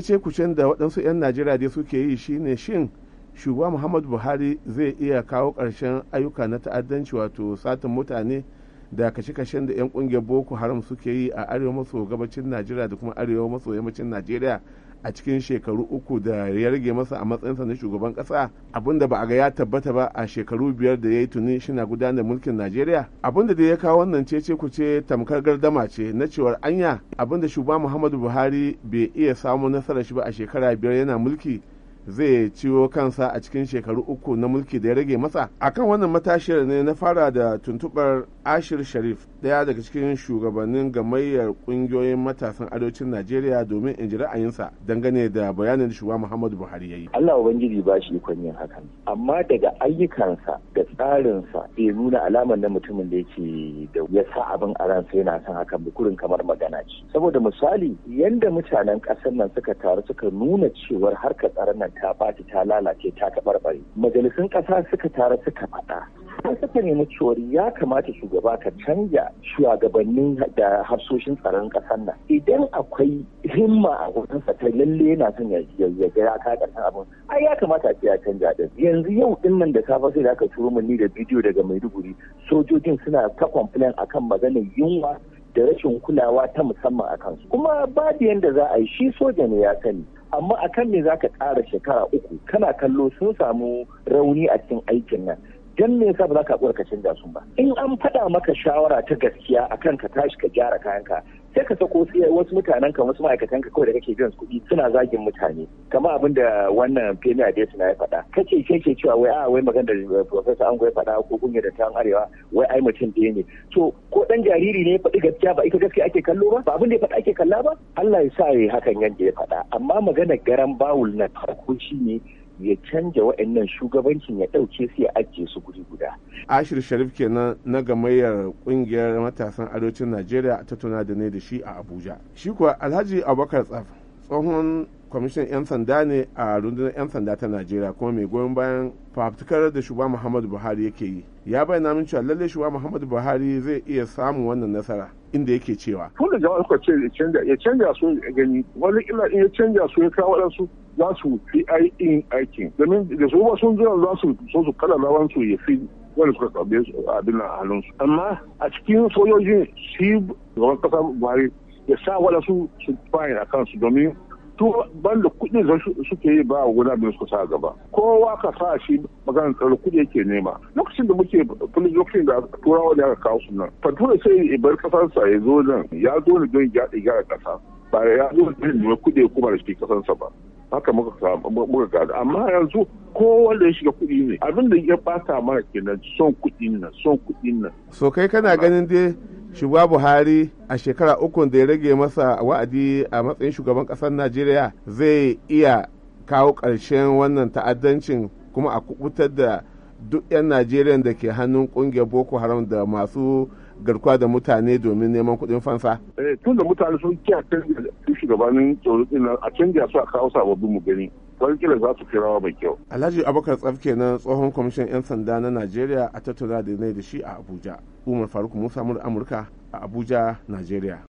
cece kucen da waɗansu 'yan najeriya dai suke yi shine shin shugaba muhammadu buhari zai iya kawo ƙarshen ayyuka na ta'addanci wato satin mutane da kashe-kashen da 'yan ƙungiyar boko haram suke yi a arewa maso gabacin najeriya da kuma arewa maso yammacin najeriya a cikin shekaru uku da ya rage masa a matsayinsa na shugaban kasa abin da ba a ga ya tabbata ba a shekaru biyar da ya yi tuni na gudanar mulkin najeriya abin da ya kawo wannan cece ku ce tamkar gardama ce na cewar anya abin da shugaba muhammadu buhari bai iya samun nasarar shi ba a shekara biyar yana mulki zai ciwo kansa a cikin shekaru uku na mulki da ya rage masa akan wannan matashiyar ne na fara da tuntubar ashir sharif daya daga cikin shugabannin gamayyar kungiyoyin matasan arewacin najeriya domin in ji ra'ayinsa dangane da bayanin shugaba muhammadu buhari ya yi allah ubangiji ba shi ikon yin hakan amma daga ayyukansa da tsarinsa bai nuna alamar na mutumin da yake da ya sa abin a ransa yana son hakan bukurin kamar magana ce saboda misali yadda mutanen ƙasar nan suka taru suka nuna cewar harkar tsaron nan ta bata ta lalace ta taɓarɓare majalisun ƙasa suka taru suka faɗa an saka nemi cewar ya kamata shugaba ka canja shugabannin da hafsoshin tsaron ƙasar nan idan akwai himma a sa ta lalle yana son ya ga ya ka karshen abin ai ya kamata a ce ya canja din yanzu yau din nan da safe sai da aka turo ni da bidiyo daga Maiduguri sojojin suna ta complain akan maganar yunwa da rashin kulawa ta musamman a kansu kuma babu yanda za a yi shi soja ne ya sani amma akan ne za ka ƙara shekara uku kana kallo sun samu rauni a cikin aikin nan dan me yasa ba za ka ka canza su ba in an faɗa maka shawara ta gaskiya akan ka tashi ka gyara kayanka sai ka sako wasu mutanen ka wasu ma'aikatan ka kawai da kake biyan kuɗi suna zagin mutane kamar abin da wannan Femi Adesu na ya faɗa kace ke ke cewa wai a ah, wai magana da eh, Professor Ango ya faɗa ko kunya da ta arewa wai ai mutum ɗaya ne to ko ɗan jariri ne ya faɗi gaskiya ba ita gaskiya ake kallo ba ba abin da ya faɗa ake kalla ba Allah ya sa ya hakan yanda ya faɗa amma maganar garan bawul na farko ne. ya canja waɗannan shugabancin ya ɗauke su ya ajiye su guri guda. Ashir Sharif kenan na gamayyar ƙungiyar matasan arewacin Najeriya ta tuna da ne da shi a Abuja. Shi kuwa Alhaji Abubakar Tsaf tsohon kwamishin 'yan sanda ne a rundunar 'yan sanda ta najeriya kuma mai goyon bayan fafutukar da shugaba muhammadu buhari yake yi ya bayyana min cewa lallai shugaba muhammadu buhari zai iya samun wannan nasara inda yake cewa tun da jama'a suka ce ya canja ya canja su ya gani wani illa in ya canja su ya kawo waɗansu za su fi aikin aikin domin da su ba sun zuwa za su so su kala rawan su ya fi wani suka karbe su abin a halin su amma a cikin sojojin shi gaban kasa buhari ya sa waɗansu su fayin a kansu domin to da kuɗi da suke yi ba wani abin su sa gaba kowa ka sa shi maganar tsaro kuɗi yake nema lokacin da muke fulin da turawa ne aka kawo sunan. fatura sai ya bar sa ya zo nan ya zo ne don ya gyara kasa ba ya zo ne don ya kuɗi kuma da shi kasarsa ba haka muka gada amma yanzu kowanne ya shiga kuɗi ne abin da ya bata mana kenan son kuɗi nan son kuɗi nan so kai kana ganin dai shugaba buhari a shekara ukun da ya rage masa wa'adi a matsayin shugaban ƙasar najeriya zai iya kawo ƙarshen wannan ta'addancin kuma a kubutar da duk 'yan najeriya da ke hannun ƙungiyar boko haram da masu garkuwa da mutane domin neman kuɗin fansa. Eh, tun da mutane sun kiyaye shugabannin tsoro a canja su a kawo sababbin mu gani wani kila za su kirawa mai kyau. Alhaji Abubakar tsafke na tsohon kwamishin 'yan sanda na Najeriya a tattauna da da shi a Abuja. Umar Faruk Musa Amurka a Abuja, Najeriya.